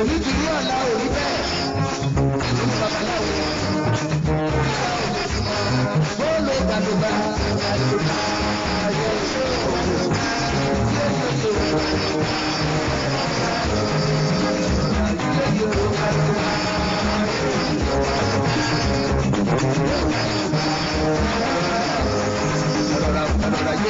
onídìrí ọ̀la ò rí bẹ́ẹ̀ àti babaláwo bóòlù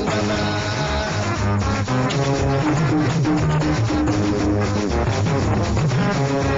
Thank you.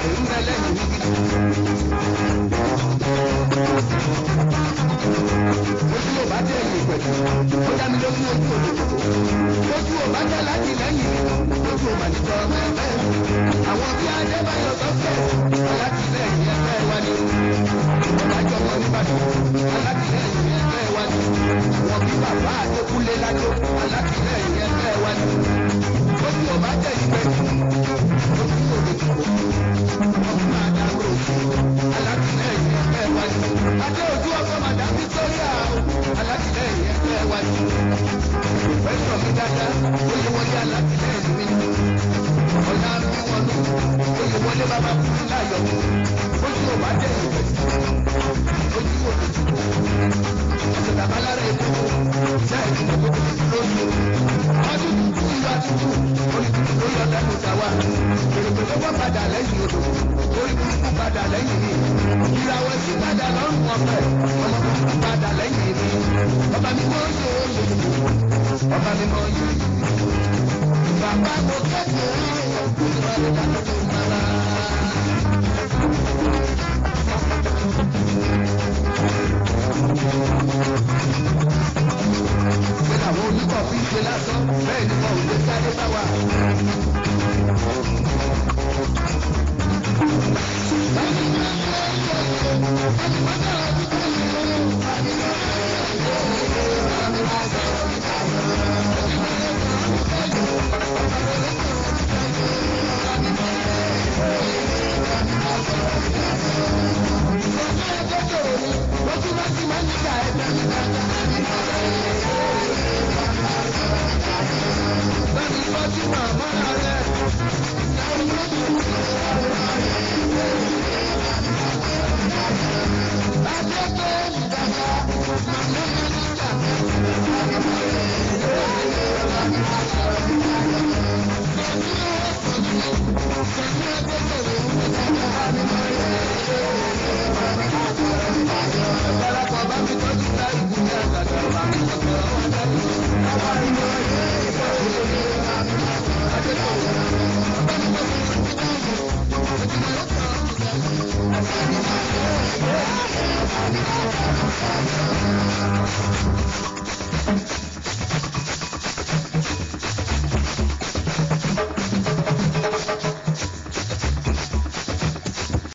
àrè ń bẹ lẹ́yìn níbi. ojú ò bá jẹ́ ẹ̀yìn pẹ̀lú ó dá mi lójú ojú òdòdó ojú ò bá jẹ́ láti lẹ́yìn ojú ò mà ní jọ bẹ́ẹ̀ àwọn bí adébáyọ̀ sọ́kẹ̀ alátìlẹ́yìn ẹgbẹ́ wa ni ọ̀dájọ́ wọn nìbàdàn alátìlẹ́yìn ẹgbẹ́ wa ni wọn bí bàbá àtẹkùnlé lájọ alátìlẹ́yìn ẹgbẹ́ wa ni ojú ò padà lẹ́yìn odò orí burúkú padà lẹ́yìn mi ìràwọ̀ sí padà lọ́rùn ọ̀pẹ ọmọ burúkú padà lẹ́yìn mi ọba mi mọ́ yóò yẹ ọba mi mọ́ yóò yẹ bàbá mo kẹ́kọ̀ọ́ òkú ìrọ̀lẹ́ lọ́dún mọ́ra. Pé àwọn oníkọ̀ọ́ fi ṣe lásán, bẹ́ẹ̀ ni wọn sáré bá wà. Mama,